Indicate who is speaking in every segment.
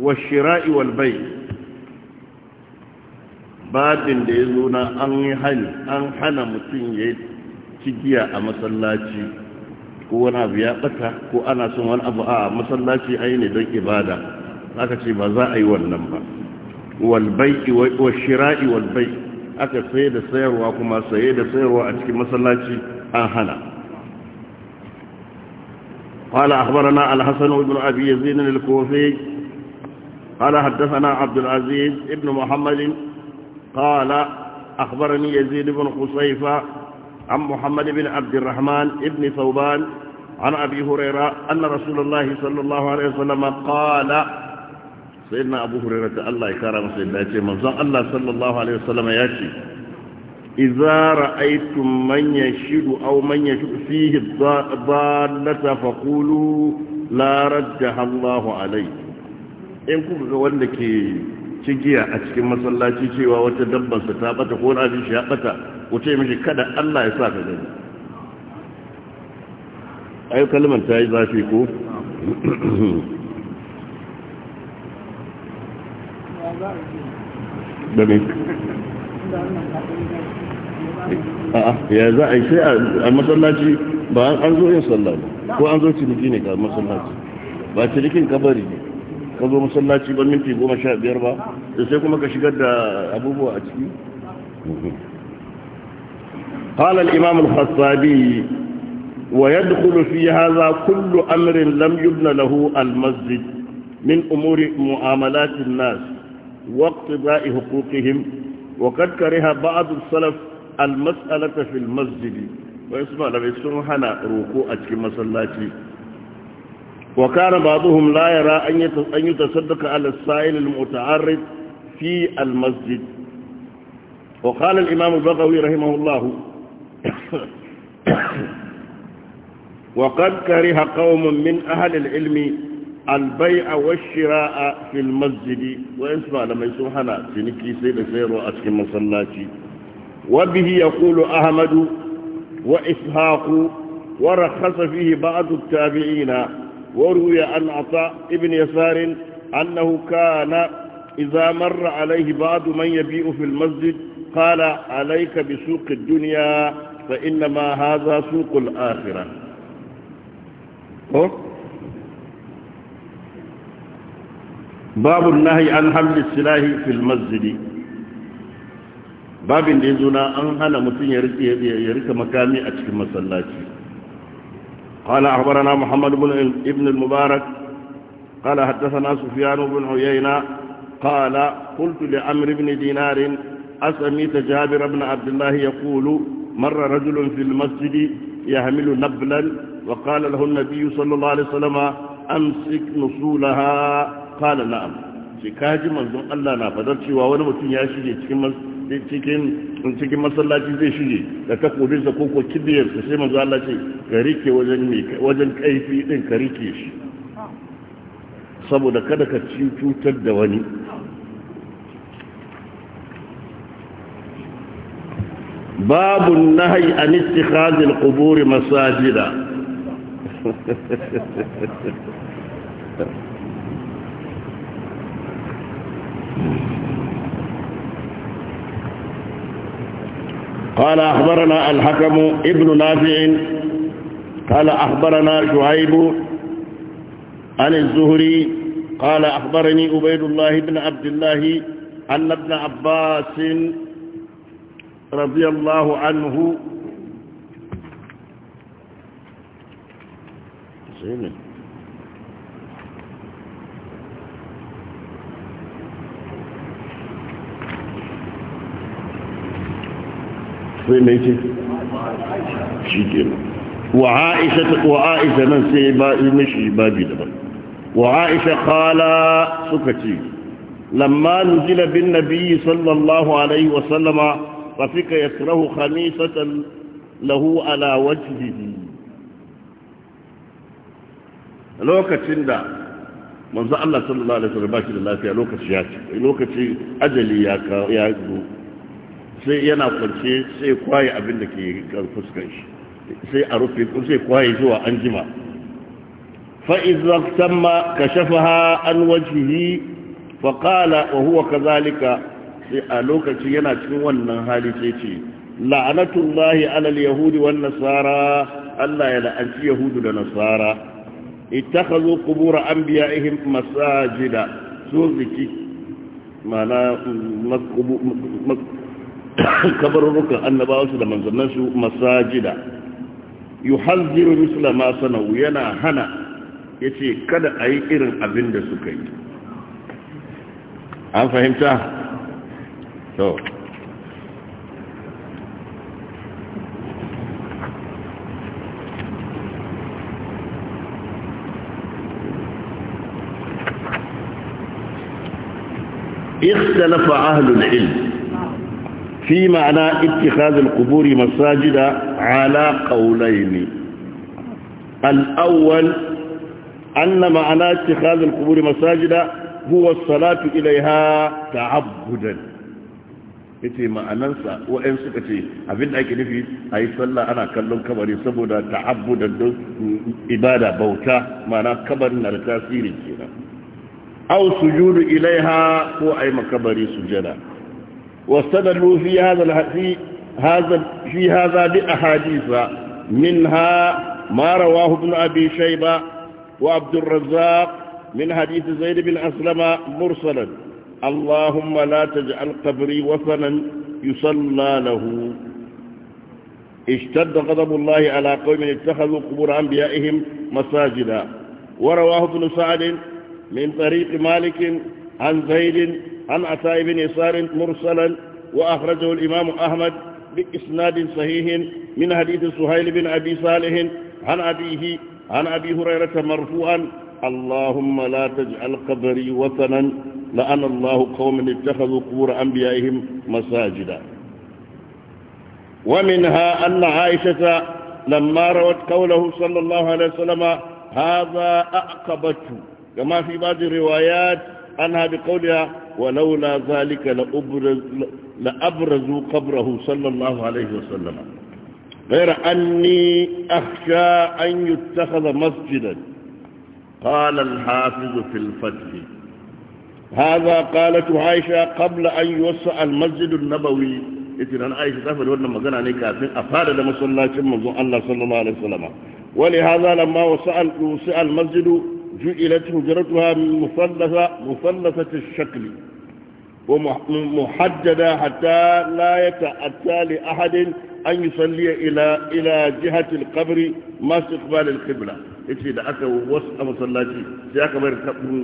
Speaker 1: washira'i walbai babin da ya zo na an hana mutum ya yi cigiya a masallaci ko wani abu ya ɓata ko ana son wani abu a masallaci a ne don ibada aka ce ba za a yi wannan ba walbai washira'i walbai aka saye da sayarwa kuma saye da sayarwa a cikin masallaci an hana قال أخبرنا الحسن بن أبي يزيد الكوفي قال حدثنا عبد العزيز ابن محمد قال أخبرني يزيد بن قصيفة عن محمد بن عبد الرحمن ابن ثوبان عن أبي هريرة أن رسول الله صلى الله عليه وسلم قال سيدنا أبو هريرة الله يكرم سيدنا يتي منظم الله صلى الله عليه وسلم يأتي إذا رأيتم من يشد أو من يشد فيه الضالة فقولوا لا رجح الله عليه in kuka ga wanda ke cigiya a cikin masallaci cewa wata dabbansa ta bata ko na shi ya bata wuce mishi kada Allah ya sa ka gani ayo kalmar ta yi zafi ko da ne ya za a yi sai a masallaci ba an zo yin sallah ko an zo ciniki ne ga masallaci ba cinikin kabari ne kazo masallaci ba minti goma sha biyar ba sai kuma ka shigar da abubuwa a ciki قال الإمام الخصابي ويدخل في هذا كل أمر لم يبن له المسجد من أمور معاملات الناس واقتضاء حقوقهم وقد كره بعض السلف المسألة في المسجد ويسمع لما يسمعنا ركوع أتكي مسلاتي وكان بعضهم لا يرى أن يتصدق على السائل المتعرض في المسجد وقال الإمام البغوي رحمه الله وقد كره قوم من أهل العلم البيع والشراء في المسجد وإنسوا لما يسوحنا سنكي سيد سير وأسكي مصلاتي وبه يقول أحمد وإسحاق ورخص فيه بعض التابعين وروي عن عطاء ابن يسار أنه كان إذا مر عليه بعض من يبيع في المسجد قال عليك بسوق الدنيا فإنما هذا سوق الآخرة باب النهي عن حمل السلاح في المسجد babin da ya zo na an hana mutum ya rika makami a cikin masallaci قال أخبرنا محمد بن ابن المبارك قال حدثنا سفيان بن عيينة قال قلت لعمر بن دينار أسميت جابر بن عبد الله يقول مر رجل في المسجد يحمل نبلا وقال له النبي صلى الله عليه وسلم أمسك نصولها قال نعم شكاجي منظم الله نافذر شوى ونمتن ياشي cikin cikin masallaci zai shige da takobin sa ko kibiyar su sai manzo Allah ce ka rike wajen mai wajen kaifi din ka rike shi saboda kada ka cutar da wani Babu باب an عن al qubur masajida قال أخبرنا الحكم ابن نافع قال أخبرنا شعيب عن الزهري قال أخبرني عبيد الله بن عبد الله أن ابن عباس رضي الله عنه سيدنا sai mai ce shi ke wa aisha nan sai ba mishi babi daban wa aisha kala suka ce lamma nujila bin nabiyyi sallallahu alaihi wa sallama fa fika yasrahu khamisatan lahu ala wajhihi lokacin da manzo Allah sallallahu alaihi wa ba shi da lafiya lokaci ya ce lokaci ajali ya ya sai yana kwance kwaye abin da ke fuskan sai a rufe kwaye zuwa anjima. jima fa’iz zan samma ka shafa ha faƙala wa huwa ka sai a lokaci yana cikin wannan hali sai ce la’anatun lahi alal yahudi wa nasara allah ya la’anci yahudu da nasara ita ka zo kubura an biya ihin masajida so ziki kabarurrukan annabawansu da manzannansu masajida halziru misla ma sanau yana hana yace kada a yi irin abin da suka yi an fahimta so اختلف أهل العلم fi ma'ana ittikhazul quburi masajida ala qawlayn al-awwal anna ma'ana ittikhazul quburi masajida huwa as-salatu ilayha ta'abbudan yace ma'anansa wa'en suka ce abinda ake nufi ayi sallah ana kallon kabari saboda ta'abbudan don ibada bauta ma'ana kabarin na da tasiri kenan aw sujudu ilaiha ko ay makabari sujada واستدلوا في هذا في هذا في هذا بأحاديث منها ما رواه ابن أبي شيبة وعبد الرزاق من حديث زيد بن أسلم مرسلا اللهم لا تجعل قبري وثنا يصلى له اشتد غضب الله على قوم اتخذوا قبور أنبيائهم مساجدا ورواه ابن سعد من طريق مالك عن زيد عن عطاء بن يسار مرسلا وأخرجه الإمام أحمد بإسناد صحيح من حديث سهيل بن أبي صالح عن أبيه عن أبي هريرة مرفوعا اللهم لا تجعل قبري وطنا لأن الله قوم اتخذوا قبور أنبيائهم مساجدا ومنها أن عائشة لما روت قوله صلى الله عليه وسلم هذا أعقبته كما في بعض الروايات عنها بقولها ولولا ذلك لأبرز لأبرزوا قبره صلى الله عليه وسلم غير أني أخشى أن يتخذ مسجدا قال الحافظ في الفتح هذا قالت عائشة قبل أن يوسع المسجد النبوي إذن عائشة تفضل وانا مزنا عليك أفاد لما صلى الله عليه وسلم صلى الله عليه وسلم ولهذا لما وسع المسجد جعلت هجرتها مثلثة مثلثة الشكل ومحددة حتى لا يتأتى لأحد أن يصلي إلى إلى جهة القبر ما استقبال القبلة. إذا أكا وص أما صلاتي في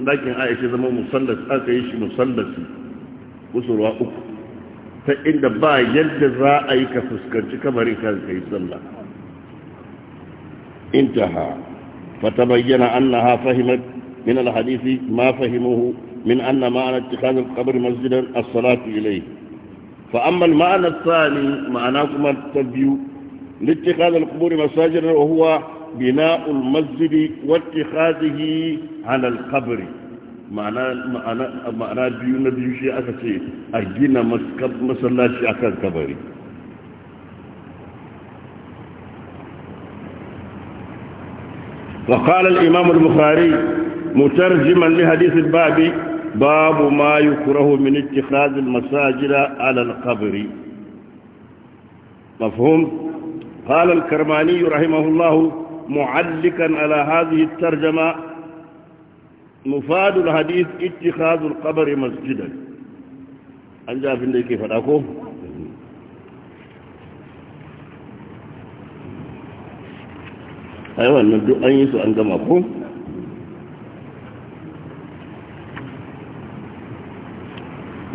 Speaker 1: لكن هاي إيش مثلث أكا إيش مثلثي وصلوا أوك فإن دبا ينتظر أيك فسكتك بريكا كي انتهى فتبين أنها فهمت من الحديث ما فهموه من أن معنى اتخاذ القبر مسجدا الصلاة إليه فأما المعنى الثاني معناكم التبيو لاتخاذ القبور مساجدا وهو بناء المسجد واتخاذه على القبر معنى معنى معنى بيو نبيو شيء أكثر أجينا مسلاش أكثر كبري وقال الإمام البخاري مترجما لحديث الباب باب ما يكره من اتخاذ المساجد على القبر مفهوم قال الكرماني رحمه الله معلقا على هذه الترجمة مفاد الحديث اتخاذ القبر مسجدا أنجا في كيف فلاكو ai wannan duk an yi su an gama ko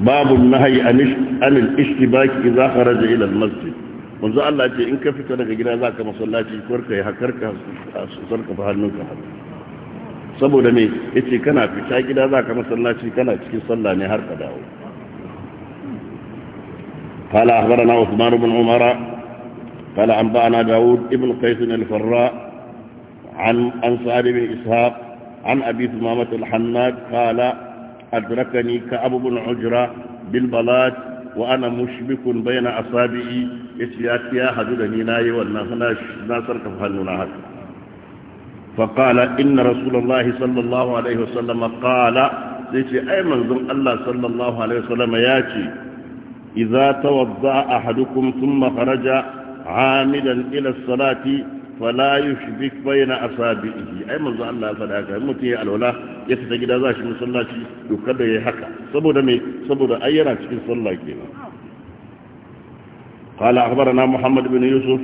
Speaker 1: babu nahayi an al-ishtibaki idza kharaja ila al-masjid manzo Allah ce in ka fita daga gida zaka masallaci korka ya hakarka sarka fa hannunka saboda me yace kana fita gida zaka masallaci kana cikin sallah ne har ka dawo قال أخبرنا عثمان بن عمر قال أنبأنا داود ابن قيس الفراء عن أنصار بن إسحاق عن أبي ثمامة الحناد قال أدركني كأب بن عجرة بالبلاد وأنا مشبك بين أصابعي إسياتي يا حدودني ناي والناصر كفهلنا هكا فقال إن رسول الله صلى الله عليه وسلم قال سيتي أي منظر الله صلى الله عليه وسلم ياتي إذا توضأ أحدكم ثم خرج عامدا إلى الصلاة فلا يشبك بين أصابعه أي من ظهر الله فلا يكره متي على ولا يتجد ذاش مصلاتي يكبر يحكى صبر مي صبر أيرا تكن صلى كيما قال أخبرنا محمد بن يوسف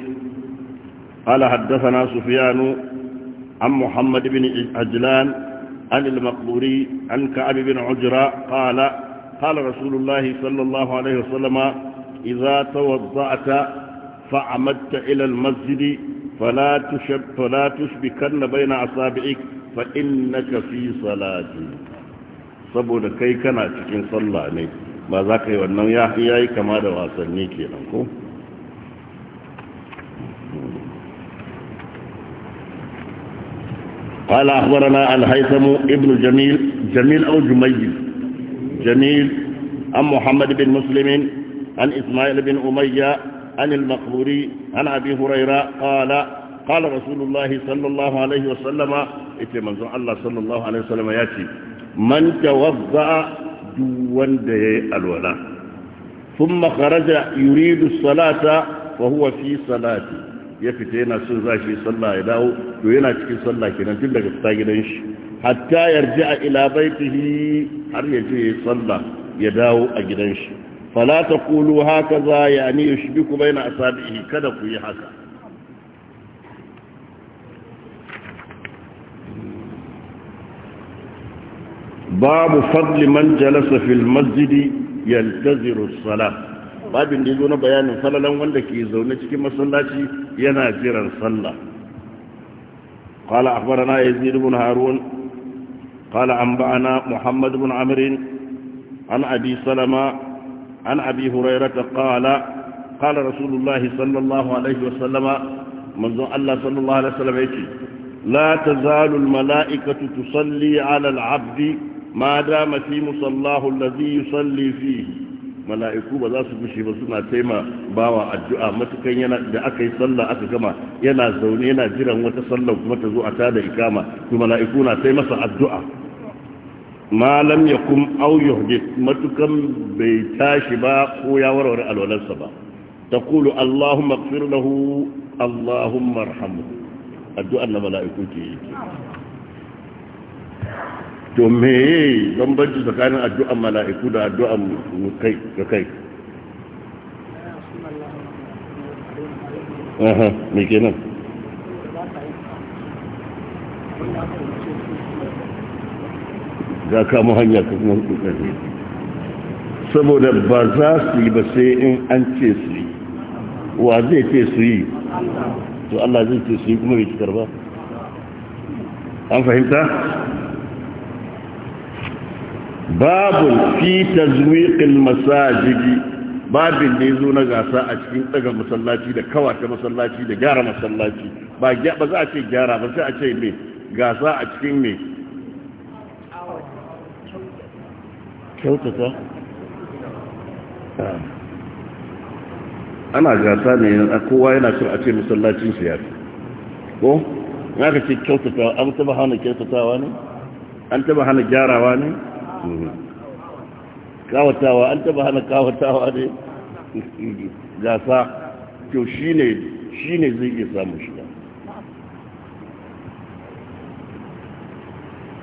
Speaker 1: قال حدثنا سفيان عن محمد بن عجلان عن المقبوري عن كعب بن عجرة قال قال رسول الله صلى الله عليه وسلم إذا توضأت فعمدت إلى المسجد فلا تشب فلا تشبكن بين اصابعك فانك في صلاه saboda kai kana cikin sallah ne ba za ka yi wannan ya yi kama da wasanni kenan ko قال أخبرنا الهيثم ابن جميل جميل أو جميل جميل عن محمد بن مسلم عن إسماعيل بن أمية عن المقبوري عن أبي هريرة قال قال رسول الله صلى الله عليه وسلم إتي منزو الله صلى الله عليه وسلم ياتي من توضأ دون دي الولاء ثم خرج يريد الصلاة وهو في صلاة يفتينا سنزاشي صلى إله وينا تكي صلى كنا تلك افتاقنش حتى يرجع إلى بيته هل يجي صلى يداو أجنش fala taqulu hakaza yani yushbiku baina asabihi kada ku yi haka babu fadli man jalasa fil masjidi yaltaziru salat babin da zo na bayanin falalan wanda ke zaune cikin masallaci yana jiran sallah قال أخبرنا يزيد بن هارون قال أنبأنا محمد بن عمرو عن أبي سلمة عن أبي هريرة قال قال رسول الله صلى الله عليه وسلم منذ الله صلى الله عليه وسلم يتي لا تزال الملائكة تصلي على العبد ما دام في مصلاه الذي يصلي فيه mala'iku ba za su gushe ba suna taima bawa addu'a matukan yana da aka yi sallah aka gama yana zaune yana jiran wata sallah kuma ta zo a tada ikama to mala'iku na taimasa addu'a malam ya kum au yuhdith matukan bai tashi ba ko ya warware alwalarsa ba taqulu allahumma ighfir lahu allahumma arhamhu addu'a na mala'iku ke yi to me bambanci tsakanin addu'an mala'iku da addu'an kai ga kai
Speaker 2: aha me kenan
Speaker 1: ga kama hanya ka kuma kokari saboda ba za su yi ba sai in an ce su yi wa zai ce su yi to Allah zai ce su yi kuma bai cikar ba an fahimta Babu fi tazwiqil masajidi babin da zo na gasa a cikin tsagar masallaci da kawata masallaci da gyara masallaci ba za a ce gyara ba sai a ce me gasa a cikin me kyautata ah. ana gasa ne a kowa yana cin a ce musallacin su fi ko ya ka ce kyautata an taba hana kyautatawa ne an taba hana gyarawa ne mhm. kawatawa an taba hana kawatawa ne gasa kyau shi ne zai iya samun shi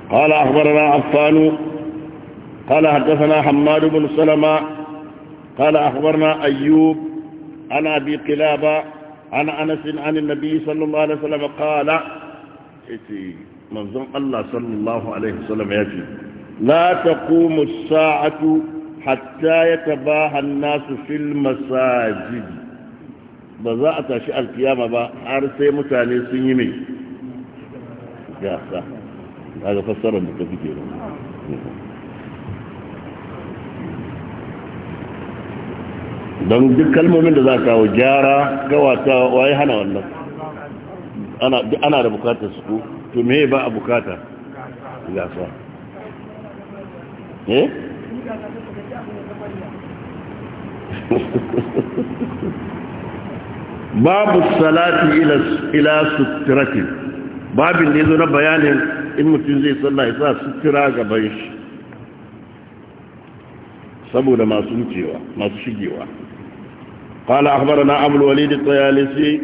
Speaker 1: قال أخبرنا عفان قال حدثنا حماد بن سلمة قال أخبرنا أيوب عن أبي قلابة عن أنس عن النبي صلى الله عليه وسلم قال منظم الله صلى الله عليه وسلم يأتي لا تقوم الساعة حتى يتباهى الناس في المساجد بزاء تشاء القيامة بأرسي متاني سنيمي يا أخي هذا فسر المتفكير don duk kalmomin da za a kawo gyara gawata waye hana wannan ana da bukatar su to me ba a bukata gasa eh babu salati ila sutirati babin da ya zo na bayanin in mutum zai salla ya sa sutura gaban shi saboda masu wucewa masu shigewa قال أخبرنا أبو الوليد الطيالسي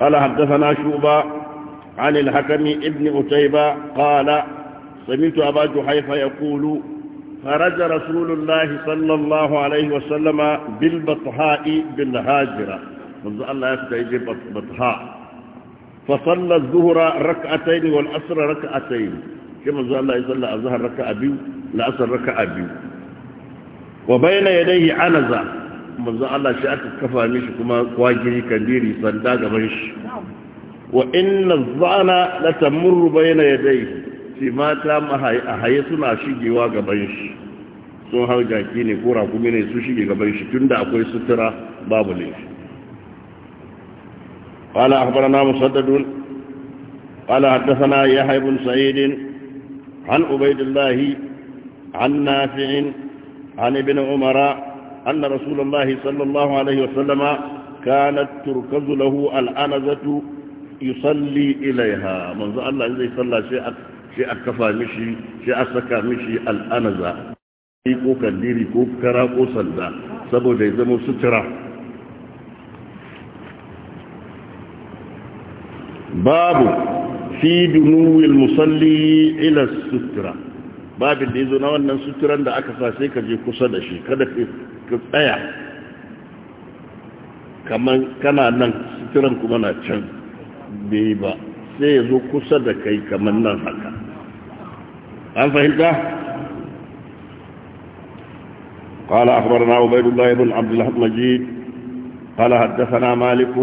Speaker 1: قال حدثنا شوبة عن الحكم ابن أتيبة قال سمعت أبا جحيف يقول خرج رسول الله صلى الله عليه وسلم بالبطحاء بالهاجرة منذ الله يستعيد بطحاء فصلى الظهر ركعتين والعصر ركعتين كما منذ الله يصلى الظهر ركع أبي العصر ركع أبي وبين يديه عنزة manzo Allah shi aka kafa mishi kuma kwagiri kandiri sanda gaban shi wa inna zana la tamurru bayna yadayhi shi mata mahaye suna shigewa gaban shi sun hau jaki ne ko rakumi ne su shige gaban shi tunda akwai sutura babu laifi قال أخبرنا مسدد قال حدثنا يحيى بن سعيد عن عبيد الله عن نافع عن ابن عمر أن رسول الله صلى الله عليه وسلم كانت تركز له الأنزة يصلي إليها منذ الله إذا يصلى شيء شيء أكفى مشي شيء أسكى مشي الأنزة ko kandiri ko kara ko sanda saboda ya zama sutura babu fi dunuwil musalli ila sutura babin da ya zo na wannan suturan da aka sa sai ka je kusa da shi kada ka tsaya kamar kana nan suturan kuma na can bai ba sai ya zo kusa da kai kamar nan haka an fahimta قال أخبرنا عبيد الله بن عبد الله المجيد قال حدثنا مالك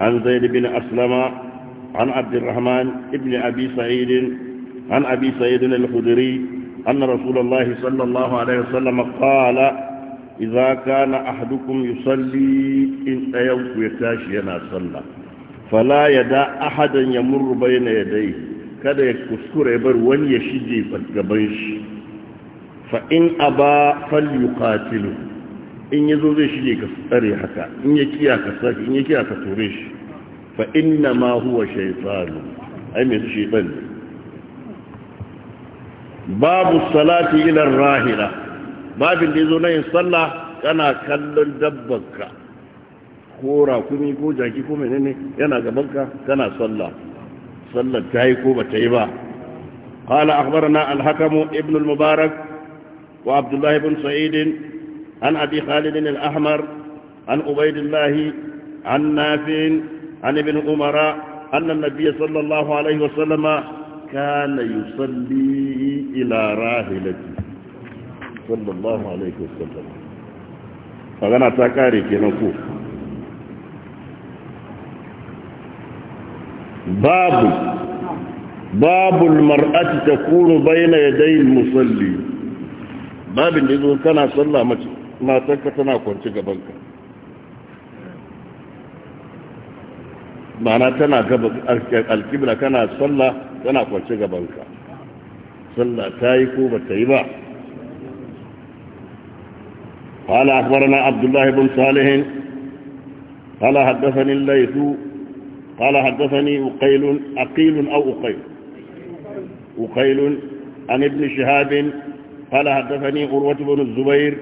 Speaker 1: عن زيد بن أسلم عن عبد الرحمن بن أبي سعيد عن أبي سيد الخدري أن رسول الله صلى الله عليه وسلم قال إذا كان أحدكم يصلي إن أيوك يتاشينا صلى فلا يدع أحدا يمر بين يديه kada ya kuskure bar wani ya shige gaban shi fa in aba falyuqatilu in yazo zai shige ka tsare haka in ya kiya ka saki in ya ture shi fa ma huwa shaytanu ai باب الصلاة إلى الراهلة باب اللي ذنين صلى كان كل دبك كورا كمي كو جاكي كو منيني ينا قبلك كان صلى صلى جايكو بتيبا قال أخبرنا الحكم ابن المبارك وعبد الله بن سعيد عن أبي خالد الأحمر عن عبيد الله عن نافع عن ابن عمر أن النبي صلى الله عليه وسلم كان يصلي ila rahilati sallallahu alaihi wasallam magana ta kare kenan ko babu babul mar'ati takunu bayna yaday al-musalli babin da zo kana sallah mace matarka tana kwance gaban ka ma'ana tana gaba alkibla kana sallah tana kwance gaban ka صلى تايكو بالتيبا قال أخبرنا عبد الله بن صالح قال حدثني الليث قال حدثني أقيل أقيل أو أقيل أقيل عن ابن شهاب قال حدثني عروة بن الزبير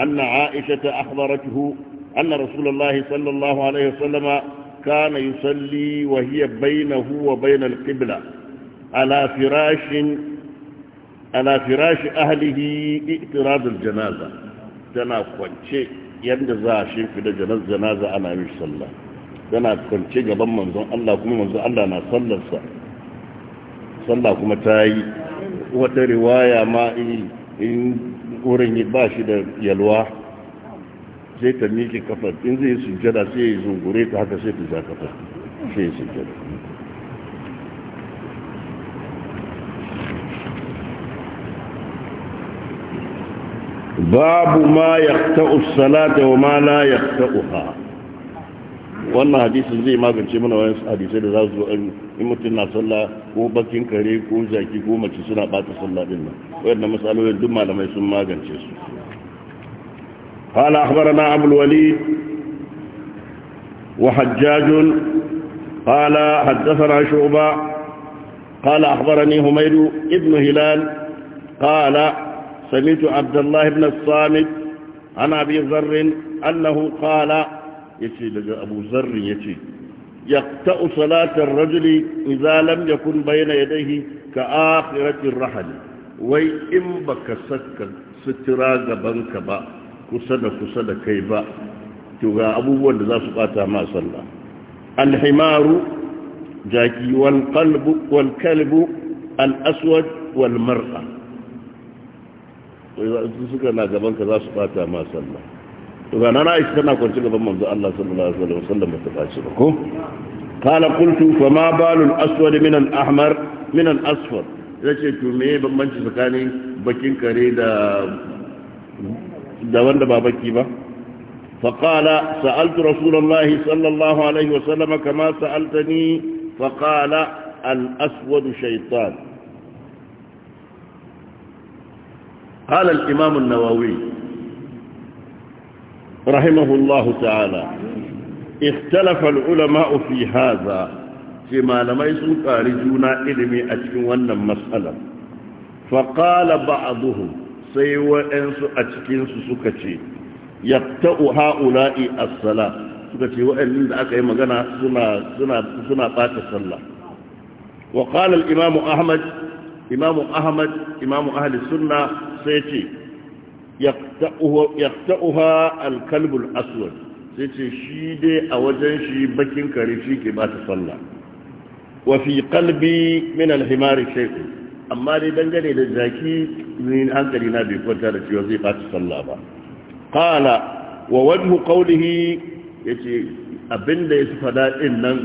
Speaker 1: أن عائشة أخبرته أن رسول الله صلى الله عليه وسلم كان يصلي وهي بينه وبين القبلة على فراش ala firashi ahlihi itiradul janaza tana kwance yadda za a shimfida janaza ana yin sallah tana kwance gaban manzon Allah kuma manzon Allah na sallarsa sallah kuma ta yi wata riwaya ma in wurin ba shi da yalwa sai ta miƙe kafar in zai sujjada sai ya zungure ta haka sai ta ja kafar sai ya sujjada babu ma yaqta'u salata wa ma la yaqta'uha wannan hadisin zai magance mana wani hadisai da za su zo in mutum na sallah ko bakin kare ko zaki ko mace suna bata sallah din nan wayannan masalolin duk malamai sun magance su قال أخبرنا أبو الوليد وحجاج قال حدثنا شعبة قال أخبرني هميد ابن هلال قال سمعت عبد الله بن الصامت عن أبي ذر أنه قال يتي لقى أبو ذر يتي يقتأ صلاة الرجل إذا لم يكن بين يديه كآخرة الرحل وي إن بك سك سترا غبنك با كسد كسد كيبا تغا أبو ولد ذا سقاطة ما صلى الحمار جاكي والقلب والكلب الأسود والمرأة suka na gaban ka za su bata ma sallah to ga nana aisha tana kwanci gaban manzo Allah sallallahu alaihi wasallam ba ta bace ba ko qala qultu fa ma balul aswad min al ahmar min al asfar yace to me bambanci tsakanin bakin kare da da wanda ba baki ba فقال سألت رسول الله صلى الله عليه وسلم كما سألتني فقال الأسود شيطان قال الإمام النووي رحمه الله تعالى اختلف العلماء في هذا فيما لم يسن قارجون علمي أتكن ون مسألة فقال بعضهم سيوى أنس أتكن سكتي يقتأ هؤلاء الصلاة سكتي وأن أكا يمغنى سنة, سنة, سنة بات الصلاة وقال الإمام أحمد إمام أحمد إمام أهل السنة sai ce yakta'uha alkalbul aswad sai ce shi dai a wajen shi bakin kare shi ke ba ta sallah wa fi kalbi min alhimari shaikun amma dai dangane da zaki ni hankali na bai kwanta da cewa zai ba ta sallah ba kala wa wajhu qawlihi yace abinda ya fada daɗin nan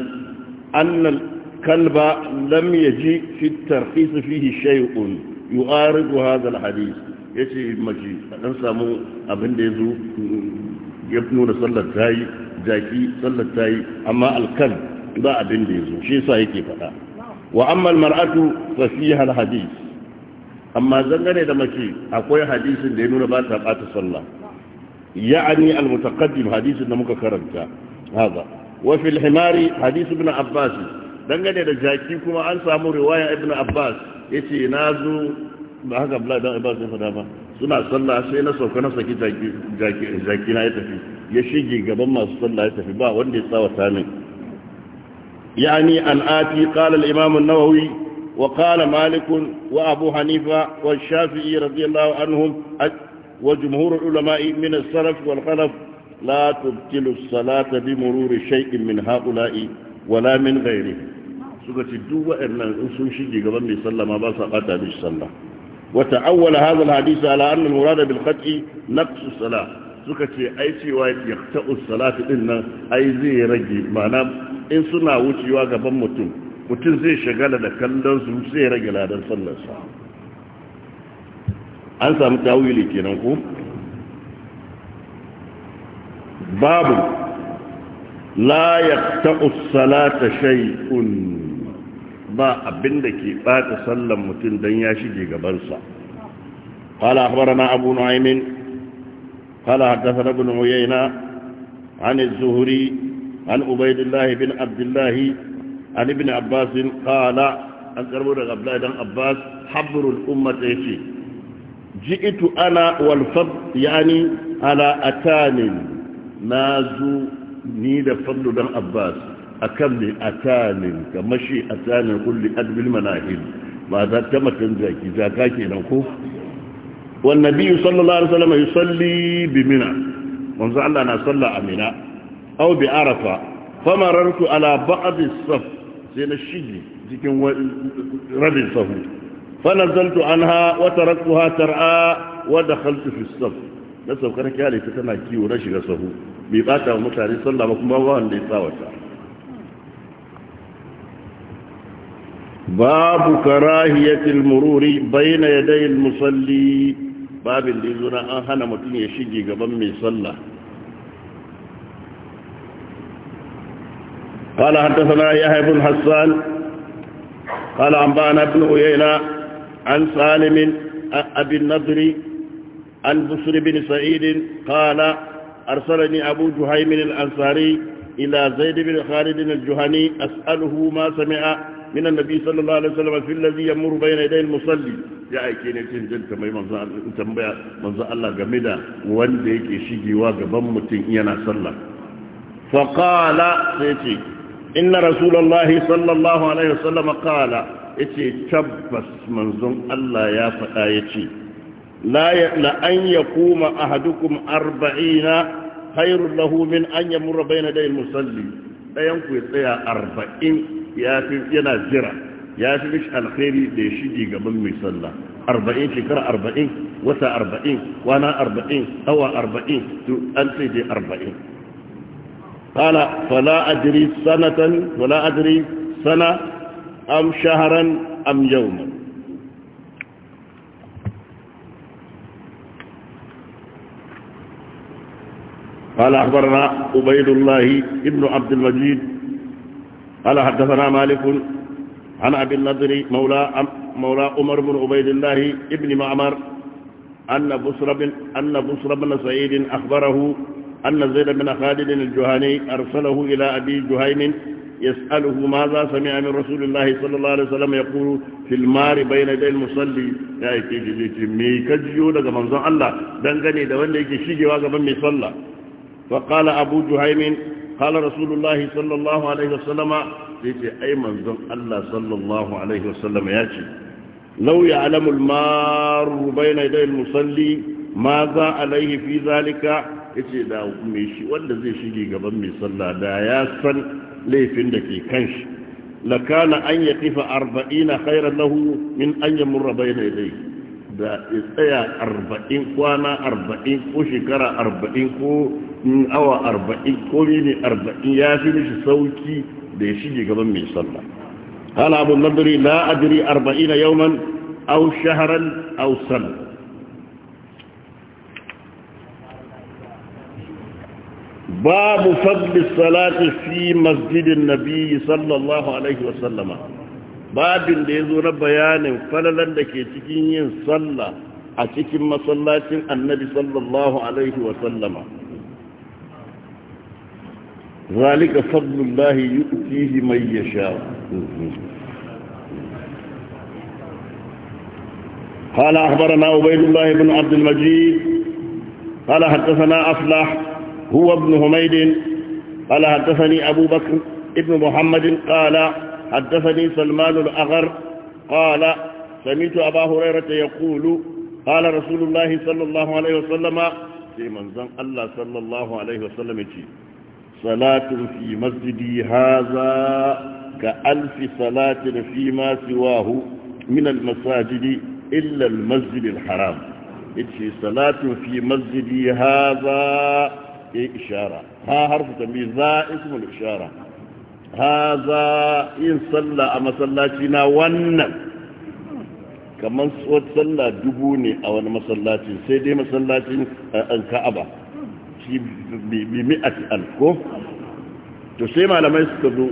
Speaker 1: annal kalba lam yaji fi tarhis fihi shay'un yu'aridu hadha alhadith yace mace dan samu abin da yazo ya nuna sallar tayi jaki sallar tayi amma alkan ba abin da yazo shi yasa yake fada wa amma almar'atu fa fiha alhadith amma zangane da mace akwai hadisin da ya nuna ba ta bata sallah يعني المتقدم حديث نمك كرمتا هذا وفي himari حديث ابن عباس dangane da jaki kuma an samu riwaya ibn abbas ce na zo ba haka ya fada ba suna sallah sai na sauka na saki jaki na ya tafi ya shige gaban masu sallah ya tafi ba wanda ya tsawata min yani an ati qala al-imam nawawi wa qala malik wa abu hanifa wa shafi'i radiyallahu anhum wa jumhur ulama'i min as-salaf wal khalaf la tubtilu as-salata bi mururi shay'in min ha'ula'i wala min suka ce duk waɗannan in sun shige gaban mai sallama ba su ɓata da shi sallah wata awwala hadha alhadith ala anna da bil qati naqs as-salah suka ce ai cewa yaqta as-salati din ai zai rage ma'ana in suna wucewa gaban mutum mutum zai shagala da kallon su sai rage ladan sallarsa. an sami tawili kenan ko babu la yaqta as-salata shay'un ba abinda ke bata sallan mutum don ya shige gabansa kala akwara na abu nu'aimin kala haddasa na bin huyaina an zuhuri an ubaidullahi bin abdullahi an ibn abbasin kala an karbo daga abdullahi don abbas habirul ummata ya ce ji ana walfab yani ala atanin na ni da fallu don abbas أكل أتان كمشي أتان كل أدب المناهل ماذا كما تنزاكي زاكاكي نوكو والنبي صلى الله عليه وسلم يصلي بمنى منذ الله أنا صلى أمنى أو بعرفة فمررت على بعض الصف زين الشجي ذكين ربي الصف فنزلت عنها وتركتها ترعى ودخلت في الصف نسوك أنا كالي تتنا كيو رشي صفو بيباتا ومتاري صلى الله عليه وسلم وكما وان ليساوتا باب كراهية المرور بين يدي المصلي باب اللي زنا أهنا متن يشجي قبل من صلى قال حدثنا يحيى بن حسان قال أنبانا بن أيينة عن سالم أبي النضر عن بصر بن سعيد قال أرسلني أبو جهيم الأنصاري إلى زيد بن خالد الجهني أسأله ما سمع من النبي صلى الله عليه وسلم في الذي يمر بين يدي المصلي يا أيكين يتين جل كما تنبيا منزع الله جمدا وان ديك يشيجي واقبا متين ينا صلى فقال سيتي إن رسول الله صلى الله عليه وسلم قال يتي تبس منزع الله يا فقايتي لا, لا أن يقوم أحدكم أربعين khairun lahu min an yamurra bayna dayil musalli dayan ku tsaya 40 fi yana jira fi mishi alkhairi da ya shige gaban mai sallah 40 shekara 40 wata 40 kwana 40 awa 40 to an sai dai 40 قال فلا أدري سنة ولا أدري سنة أم قال أخبرنا عبيد الله ابن عبد المجيد قال حدثنا مالك عن أبي النضر مولى مولى عمر بن عبيد الله ابن معمر أن بصر بن أن بصر بن سعيد أخبره أن زيد بن خالد الجهني أرسله إلى أبي جهيم يسأله ماذا سمع من رسول الله صلى الله عليه وسلم يقول في المار بين يدي المصلي يا يكي جيتي مي كجيو daga manzon Allah dangane da wanda yake shigewa gaban mai sallah فقال أبو جهيم قال رسول الله صلى الله عليه وسلم يتي أي منظم الله صلى الله عليه وسلم ياتي لو يعلم المار بين يدي المصلي ماذا عليه في ذلك يتي دا ميشي ولا زي شيجي قبل مصلى دا ياسا ليفين دكي كنش لكان أن يقف أربعين خيرا له من أن يمر بين يديه da ya tsaya arba'in kwana arba'in ko shekara arba'in ko awa arba'in ko ne arba'in ya fi mishi sauki da ya shige gaban mai sallah hal abu nadiri la adiri arba'ina yawman aw shahran aw sana Babu فضل الصلاة في masjidin النبي sallallahu alaihi عليه وسلم باب da zo na bayanin falalan da ke cikin yin sallah a cikin masallacin annabi sallallahu alaihi wa sallama ذلك فضل الله يؤتيه من يشاء قال أخبرنا عبيد الله بن عبد المجيد قال حدثنا أفلح هو ابن حميد قال حدثني أبو بكر ابن محمد قال حدثني سلمان الأغر قال سمعت أبا هريرة يقول قال رسول الله صلى الله عليه وسلم في منزل الله صلى الله عليه وسلم يجيب صلاة في مسجدي هذا كألف صلاة فيما سواه من المساجد إلا المسجد الحرام إتشي صلاة في مسجدي هذا إيه إشارة ها حرف تنبيه ذا اسم الإشارة هذا إن صلى أما صلاتنا ونن كمان صوت صلى دبوني أو أنا مسلاتي سيدي مسلاتي آه، الكعبة bi alf ko to sai malamai suka zo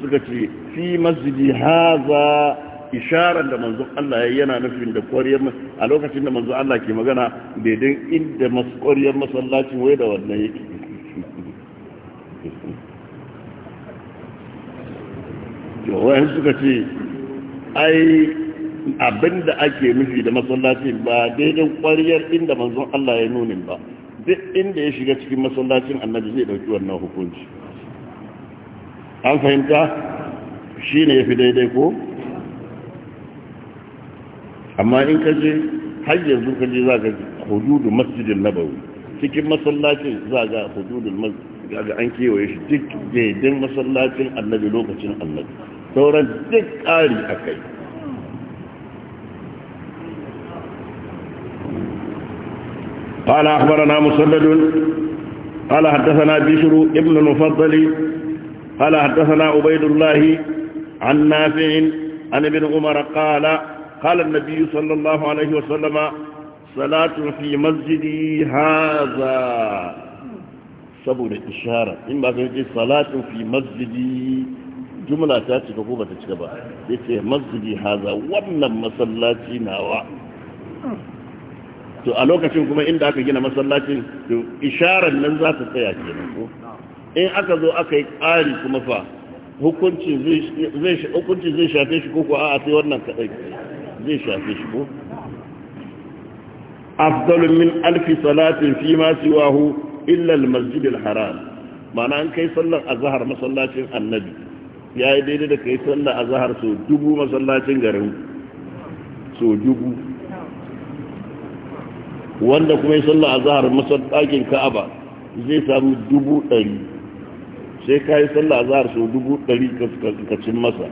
Speaker 1: suka ce fi masjidi haza isharar da manzon Allah ya yana nufin da kwariyar a lokacin da manzon Allah ke magana daidai inda kwariyar masallaci wai da wannan yake yawayen suka ce ai abinda ake nufi da masallaci ba daidai kwariyar inda manzon Allah ya nunin ba duk inda ya shiga cikin masallacin annabi zai dauki wannan hukunci an fahimta shi ne ya fi daidai ko amma in ka je har yanzu ka je za ka hududu masjidin nabawi cikin masallacin za ga hududun ga an kewaye shi duk daidin masallacin annabi lokacin annabi sauran duk ƙari a kai قال أخبرنا مسدد قال حدثنا بشر ابن المفضل قال حدثنا عبيد الله عن نافع عن ابن عمر قال قال النبي صلى الله عليه وسلم صلاة في مسجدي هذا saboda ishara in ba ka yi salatin fi masjidi jumla ta cika ko ba ta cika ba ya ce masjidi haza wannan masallaci nawa to a lokacin kuma inda aka gina masallacin to isharar nan za ta tsaya kenan ko in aka zo aka yi ƙari kuma fa hukunci zai shafe shi ko kuwa sai wannan kaɗai zai shafe shi ko afdalun min alfi salatin fi ma hu illa almasjid alharam ma'ana an kai sallar azhar masallacin annabi yayi daidai da kai sallar azhar so dubu masallacin garin so dubu
Speaker 2: wanda kuma ya
Speaker 1: sallah a zahar masar ɗakin ka'aba zai samu dubu ɗari sai ka yi sallah a zahar sau dubu ɗari kacin masa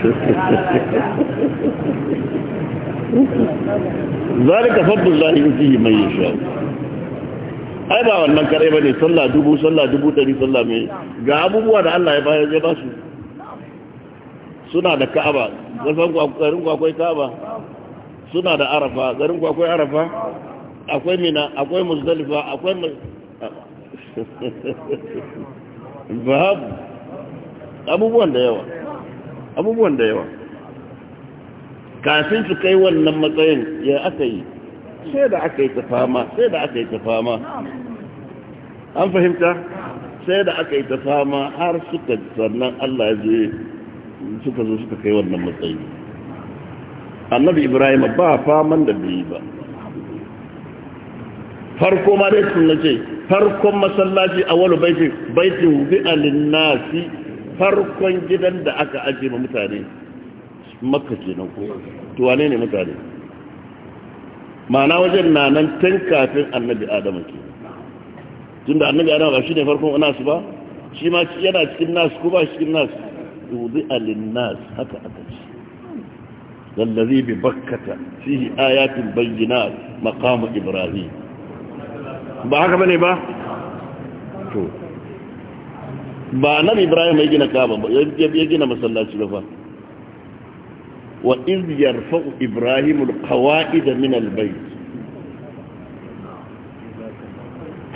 Speaker 1: zalika fadlul lahi mai man yasha ai ba wannan kare bane sallah dubu sallah dubu dari sallah mai ga abubuwa da Allah ya bayar ya ba su suna da ka'aba garin akwai ka'aba suna da arafa garin akwai arafa akwai mina akwai musdalifa akwai babu abubuwan da yawa abubuwan da yawa kafin su kai wannan matsayin ya aka yi sai da aka yi ta fama sai da aka yi ta fama an fahimta sai da aka yi ta fama har suka sannan Allah ya je suka zo suka kai wannan matsayi annabi ibrahim ba faman da bai ba farko ma dai sun nace farkon masallaci a wani baiti baitin fi'alin nasi farkon gidan da aka ajiye ma mutane makka kenan ko to wane ne mutane ma'ana wajen na nan tun kafin annabi adam ke tun da annabi adam ba shi ne farkon nasu ba shi ma yana cikin nasu ko ba cikin nasu وضع للناس هكا أكش والذي ببكة فيه آيات البينات مقام إبراهيم
Speaker 2: بحق بني با شو ba nan
Speaker 1: ibrahim ya gina kaba ba ya gina masallaci ba wa iz yarfa'u ibrahim alqawa'id min albayt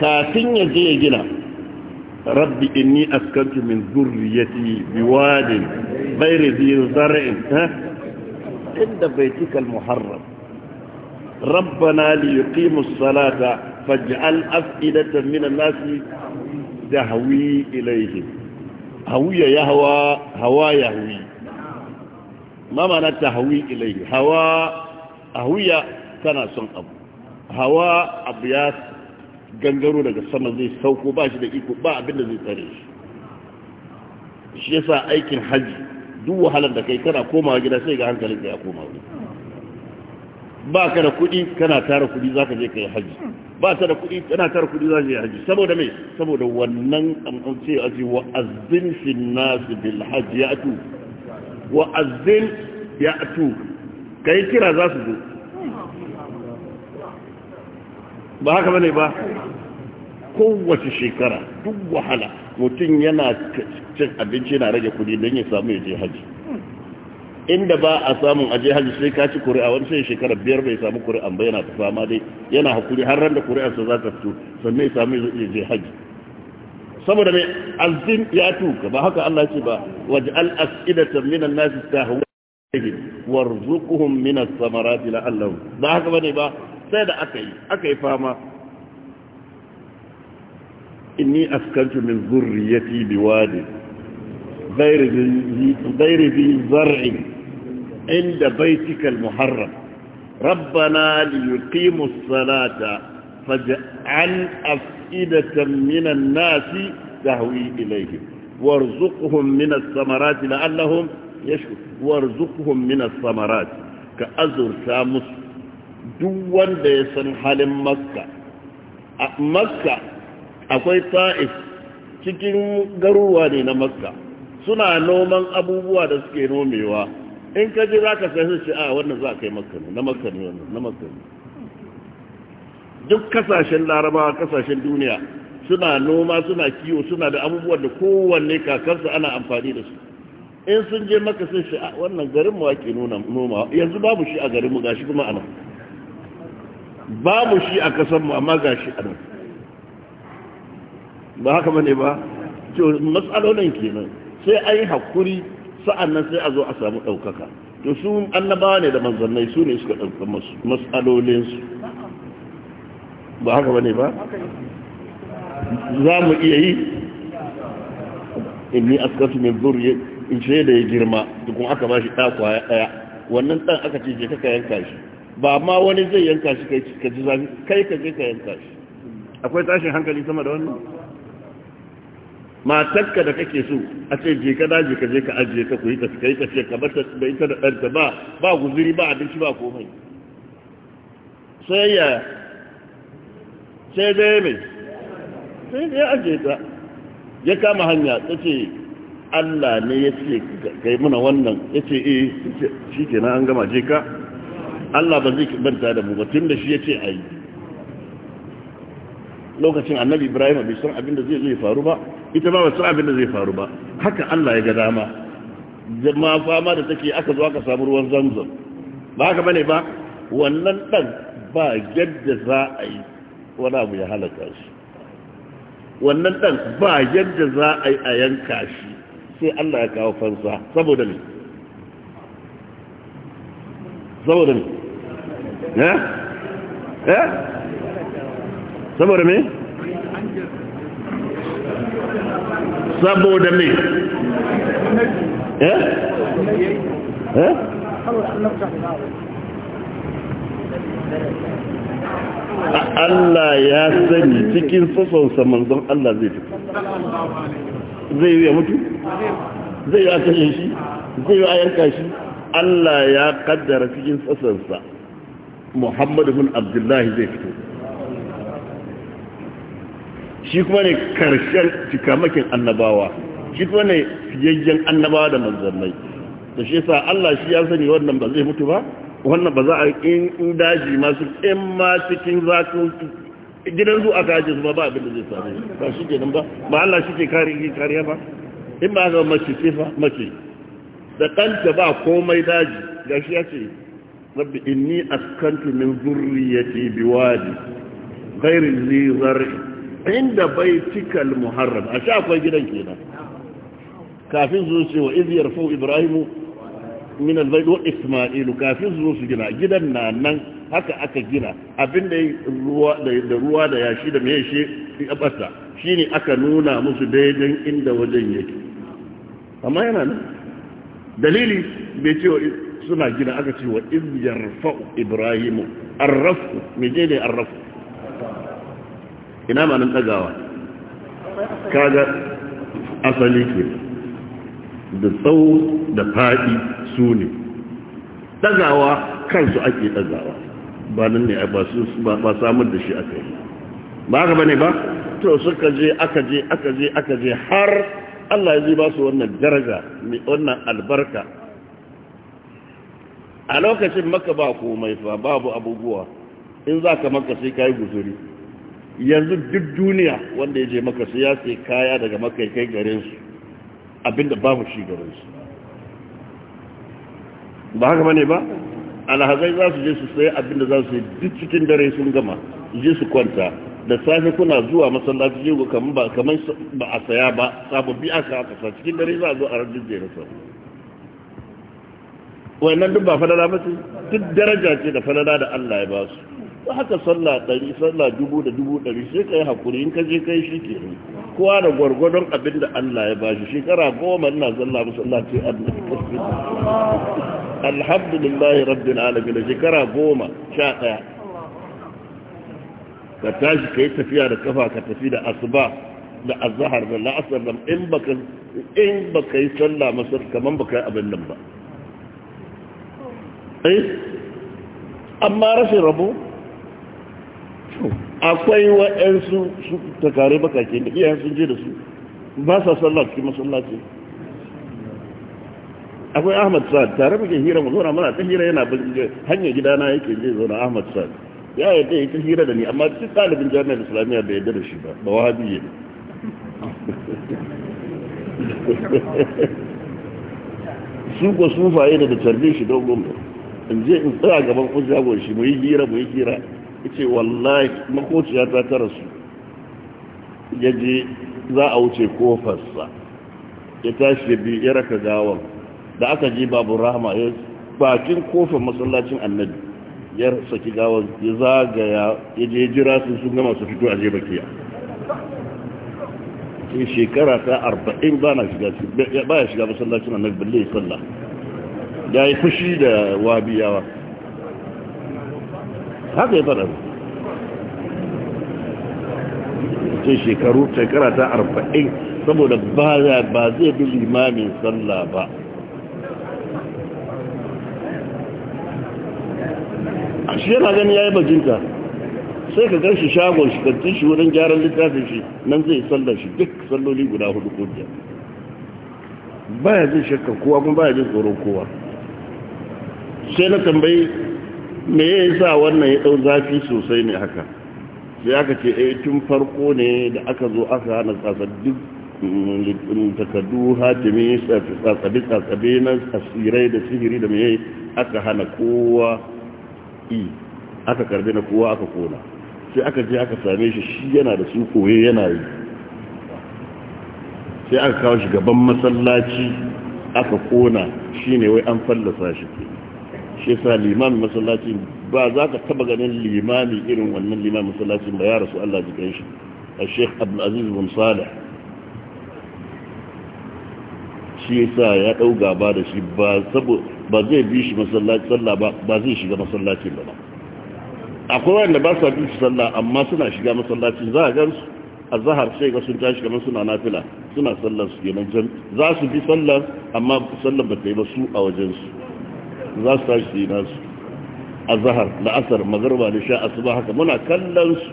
Speaker 1: kafin ya je ya gina رب إني أسكنت من ذريتي بواد غير ذي زرع عند بيتك المحرم ربنا ليقيموا الصلاة فاجعل أفئدة من الناس تهوي إليهم هوي يهوى هوى يهوي ما معنى تهوي إليه هوى هوية كان سن أبو هوى أبيات gangaro daga sama zai sauko ba shi da iko ba abin da zai tsare shi shi yasa aikin hajji duk wahalar da kai kana komawa gida sai ga hankalin ka ya koma wuri ba ka da kuɗi kana tara kuɗi za ka je ka yi hajji ba ta da kuɗi kana tara kuɗi za ka yi hajji saboda me saboda wannan an ce a ce wa azzin fi nas bil hajji atu wa ya atu kai kira za su zo ba haka bane ba kowace shekara duk wahala mutum yana cin abinci na rage kudi don ya samu ya je haji inda ba a samun aje haji sai ka ci kuri'a wani sai shekara biyar bai samu kuri'a ba yana ma dai yana hakuri har ran da kuri'a sa za ta fito sannan ya samu ya je haji saboda mai azim ya tuka ba haka Allah ce ba waj'al as'idatan minan nasi tahwa warzuqhum minas samarati la'allahu ba haka bane ba sai da aka yi aka yi fama inni askantu min zurriyati biwadi غير ذي زرع عند بيتك المحرم ربنا ليقيموا الصلاة فاجعل أفئدة من الناس تهوي إليهم وارزقهم من الثمرات لعلهم يشكر وارزقهم من الثمرات كأزر سامس duk wanda ya san halin makka a makka akwai ta'if cikin garuruwa ne na makka suna noman abubuwa da suke nomewa in ka ji za ka sai su ce a ah, wannan za a kai makka ne na makka ne wannan na makka ne duk kasashen larabawa kasashen duniya suna noma suna kiwo suna da abubuwan da kowanne kakarsa ana amfani da su in sun je maka sun shi a ah, wannan garin mu ake noma yanzu babu shi a garin mu gashi kuma nan. babu shi a kasanmu amma ga shi a nan ba haka bane ba matsalolin kenan sai a yi haƙuri sa'annan sai a zo a samu ɗaukaka to su annabawa ne da manzannai su ne suka ɗauka matsalolinsu ba haka bane ba za mu iya yi yi askatu min zuriya in ce da ya girma duk aka ba shi kwaya ɗaya wannan ɗan aka ce je ka yanka shi ba ma wani zai yanka shi ka ji zafi kai ka je ka yanka shi akwai tashin hankali sama da wannan matakka da kake so a ce je ka daji ka je ka ajiye ka yi ta kai ta ce ka bata da ita da ɗanta ba ba guzuri ba abinci ba komai sai ya sai dai mai sai dai ajiye ta ya kama hanya ta ce Allah ne ya ce ga yi muna wannan ya ce eh shi kenan an gama je ka Allah ba zai kibanta da mu ba tun da shi ya ce a yi lokacin annabi ibrahim bai san abin da zai zai faru ba ita ba wasu abin da zai faru ba haka Allah ya ga dama zama fama da take aka zo aka samu ruwan zamzam ba haka bane ba wannan dan ba yadda za a yi wani abu ya halaka shi wannan dan ba yadda za a yi a yanka shi sai Allah ya kawo fansa saboda ne saboda ne eh eh saboda me saboda me eh eh
Speaker 2: Allah ya sani cikin
Speaker 1: sassansa manzon Allah zai fito zai yi ya mutu zai yi a kashe shi zai yi a yanka shi Allah ya kaddara cikin sassansa muhammadu bin abdullahi zai fito shi kuma ne karshen cikamakin annabawa shi kuma ne fiyayyen annabawa da manzannai da shi sa Allah shi ya sani wannan ba zai mutu ba wannan ba za a in daji masu in ma cikin zafin gidan zuwa ka su ba ba abinda zai sami ba shi ke nan ba ba Allah shi ke kariya ba in ba ga mace ce mace da kanta ba komai daji shi ya ce rabbi inni askantu min zurriyati biwadi ghayr li zar'i inda baitikal muharram a sha akwai gidan kenan kafin zuwa wa iz yarfu ibrahimu min albayt wa isma'ilu kafin zuwa su gina gidan na nan haka aka gina abinda ruwa da ruwa da yashi da mai shi ya bata shine aka nuna musu daidan inda wajen yake amma yana nan dalili bai cewa suna gina aka ce wa izyar fa’u ibrahimu arrafu menene arrafu ina manin nan kaga asali ke da tsawo da faɗi su ne ɗagawa kansu ake ɗagawa ba nan ne ba samun da shi aka yi ba haka bane ba to suka je aka je aka je aka je har Allah ya zai ba su wannan daraja wannan albarka a lokacin maka ba komai fa babu abubuwa in za ka maka sai ka yi guzuri yanzu duk duniya wanda ya je maka sai ya sai kaya daga maka kai garinsu abinda babu shi garinsu ba haka bane ba alhazai za su je su sai abinda za su yi duk cikin dare sun gama je su kwanta da safe kuna zuwa masallaci je ku kamar ba a saya ba sababbi aka aka sa cikin dare za a zo a rajin jerusalem nan duk ba falala ba ce duk daraja ce da falala da Allah ya ba su ta haka sallah ɗari sallah dubu da dubu ɗari sai ka yi haƙuri in ka je kai shi ke ne kowa da gwargwadon abin da Allah ya ba shi shekara goma ina zalla musu Allah ce alhamdulillahi rabbil alamin shekara goma sha ɗaya ka tashi ka yi tafiya da kafa ka tafi da asuba da azahar da la'asar da in baka in baka yi sallah masar kaman baka yi abin nan ba eh amma rashin rabo akwai waɗansu su takare bakake da iyayen sun je da su ba sa sallah cikin masallaci akwai ahmad sa tare muke hira mu zauna mana ta hira yana hanyar gidana yake je zauna ahmad sa ya yadda ya ta hira da ni amma duk ɗalibin jami'ar islamiyya bai yadda da shi ba ba wahabi ne su ko sun faye da da tarbe shi don gombe in je in tsaya gaban kun shagon shi mu yi hira mu yi hira ce wallahi makociya ta tara su ya je za a wuce kofarsa ya tashi bi ya raka gawan da aka je babu rahama ya bakin kofar masallacin annabi ya saki gawan ya zagaya ya je jira su sun gama su fito a je bakiya shekara ta arba'in ba na shiga ba ya shiga masallacin annabi balle ya sallah
Speaker 2: ya yi fushi
Speaker 1: da wabiyawa. haka ya faɗa ce shekaru shekara ta arba'in saboda ba zai bi limamin sallah ba
Speaker 2: a shi yana gani ya yi
Speaker 1: bajinta sai ka gan shi shagon shi kan shi wurin gyaran littafin shi nan zai sallar shi duk salloli guda hudu Ba baya zai shakka kowa kuma baya jin tsoron kowa sai na tambayi me ya sa wannan ya ɗau zafi sosai ne haka sai aka ce eh tun farko ne da aka zo aka hana tsatsa duk mm, takardu hatimi tsatsabi tsatsabi na tsasirai da sihiri da mai aka hana kowa i aka karbi na kowa aka kona sai aka je aka same shi shi yana da su koye yana yi sai aka kawo shi gaban masallaci aka kona shi ne wai an fallasa shi ke shi sa limamin masallacin ba za ka taba ganin limami irin wannan limamin masallacin ba ya rasu Allah jikin shi a sheikh aziz bin salih shi sa ya ɗau gaba da shi ba zai bi shi masallaci sallah ba ba zai shiga masallaci ba akwai wanda ba sa bi su sallah amma suna shiga masallaci za a gan su a zahar sai ga sun tashi kamar suna nafila suna sallar su kenan za su bi sallar amma sallar ba ta yi ba su a wajensu za su tashi su yi nasu a zahar da asar magarba da sha asuba haka muna kallon su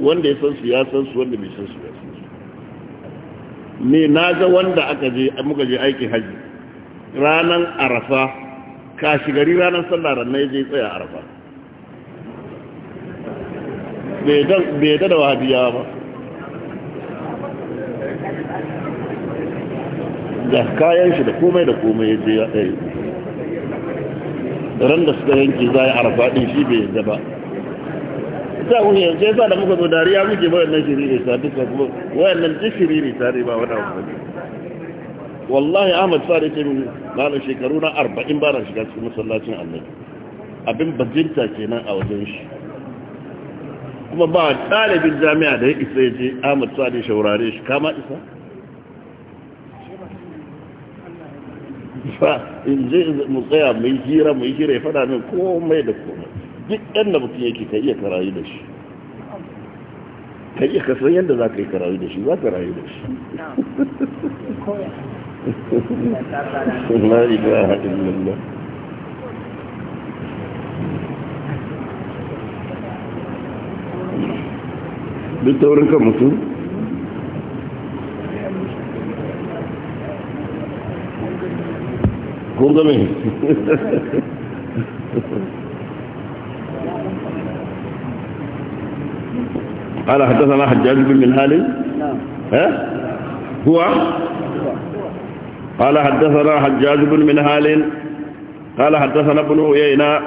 Speaker 1: wanda ya san su ya san su wanda bai san su ya san su ne na ga wanda aka je muka je aikin haji ranar arafa ka shigari ranar sallah ranar je tsaya arafa bai da da wahabiya ba da kayan shi da komai da komai ya je ya ɗaya ran da suka yanke za a rafa ɗin shi bai yadda ba sa wani yanzu ya sa da muka zo dariya muke bayan nan shiriri sa duka kuma wayan nan duk shiriri sa ne ba wani abu ne wallahi ahmad sa da ce min malam shekaru na arba'in ba na shiga cikin masallacin annabi abin bajinta kenan a wajen shi kuma ba ɗalibin jami'a da ya isa ya je ahmad sa da shaurare shi kama isa fa in je mu tsaya mu hira mu hira ya fada min komai da komai duk ɗan da mutum yake ka iya karayu da shi ka iya ka yadda za ka yi karayu da shi za ka rayu da shi la ilaha illallah duk taurin kan mutum مفهوم ده مين قال حدثنا حجاج بن منهال نعم. ها هو قال حدثنا حجاج بن منهال قال حدثنا ابن عيينة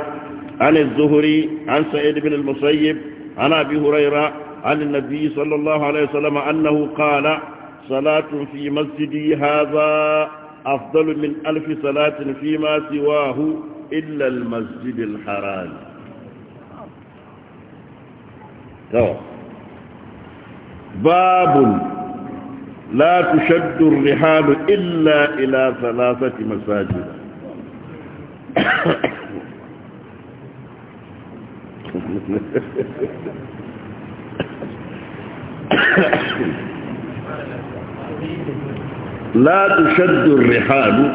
Speaker 1: عن الزهري عن سعيد بن المسيب عن أبي هريرة عن النبي صلى الله عليه وسلم أنه قال صلاة في مسجدي هذا أفضل من ألف صلاة فيما سواه إلا المسجد الحرام باب لا تشد الرحال إلا إلى ثلاثة مساجد Thank
Speaker 2: you. la tushaddu rihalu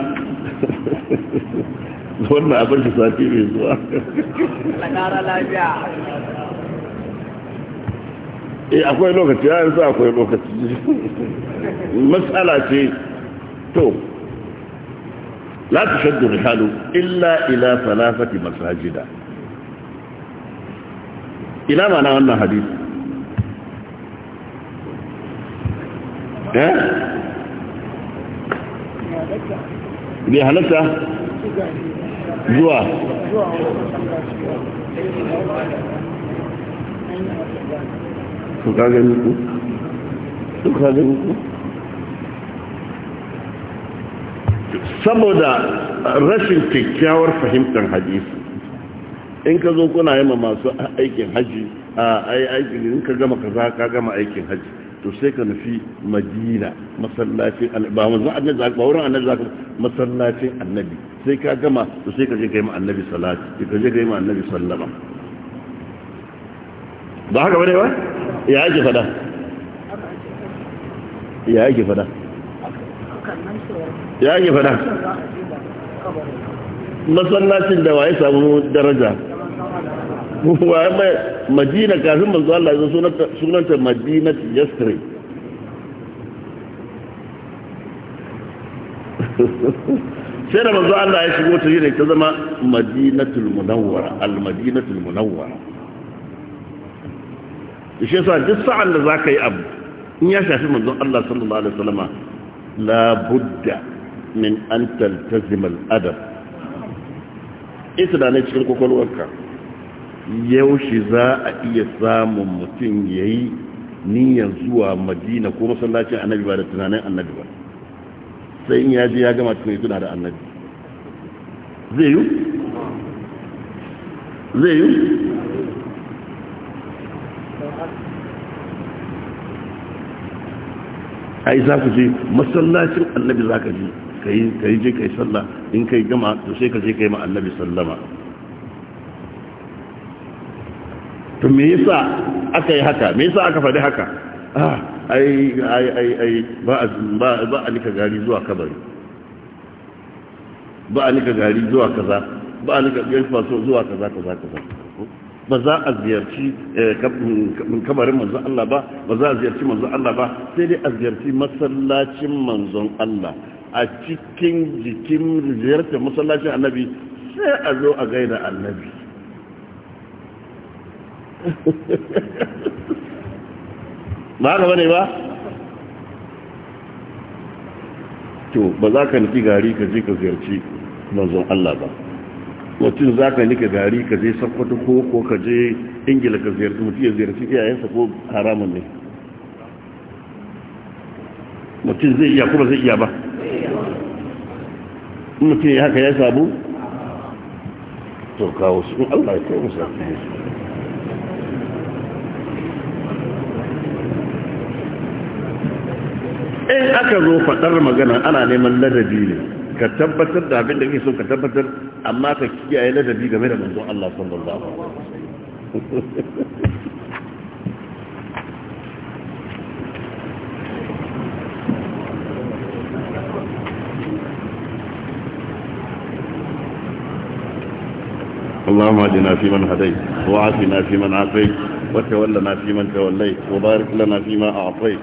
Speaker 1: wannan abin da sati mai zuwa eh akwai lokaci ya yanzu akwai lokaci matsala ce to la tushaddu rihalu illa ila salafati masajida ila mana wannan hadisi eh bai halatta zuwa su ka gani ku saboda rashin kyakkyawar fahimtar hadisi in ka zo kuna yi ma masu aikin hajji a aikin in ka gama kaza ka gama aikin hajji to sai ka nufi madina masallacin ba manzon annabi ba wurin annabi zaka masallacin annabi sai ka gama to sai ka je kai ma annabi salati ka je kai ma annabi sallama ba haka bane ba ya yake fada ya yake fada ya yake fada masallacin da waye samu daraja wa mai madina kafin manzo Allah ya sunanta sunanta madinat yasrib sai da manzo Allah ya shigo ta ne ta zama madinatul munawwara al-madinatul munawwara shi yasa duk sa'an da zaka yi abu in ya shafi manzon Allah sallallahu alaihi wasallama la budda min an taltazim al-adab ita da ne cikin kokolwarka yaushe za a iya samun mutum ya yi niyyar zuwa madina ko masallacin annabi ba da tunanin annabi ba sai in yaji ya gama cikin tuna da annabi zai yi zai yi
Speaker 2: ai za ku je
Speaker 1: masallacin annabi za ka je ka yi je ka yi sallah in ka yi gama to sai ka je ka yi ma annabi sallama to me yasa aka yi haka me yasa aka faɗi haka ah, ai ai ai ai ba ba ba a nika gari zuwa kabari ba a nika gari zuwa kaza ba a nika biyar faso zuwa kaza kaza kaza ba za a ziyarci eh, mm, kabarin manzon Allah ba ba za a ziyarci manzon Allah ba sai dai a ziyarci masallacin manzon Allah a cikin jikin ziyartar masallacin annabi sai a zo a gaida annabi ba haka bane ba to ba za ka niki gari ka je ka ziyarci manzon Allah ba mutum za ka niki gari ka je sakwato ko ko ka je ingila ka ziyarci mutum ya ziyarci iyayensa ko haramun ne mutum zai iya kuma zai iya ba mutum ya haka ya sabu to kawo su in Allah ya kawo musa
Speaker 2: in aka zo faɗar magana
Speaker 1: ana neman ladabi ne ka tabbatar da abin da kake so ka tabbatar amma ka kiyaye ladabi game da manzon Allah sallallahu alaihi wasallam اللهم اهدنا فيمن هديت وعافنا فيمن عافيت وتولنا فيمن توليت وبارك لنا فيما أعطيت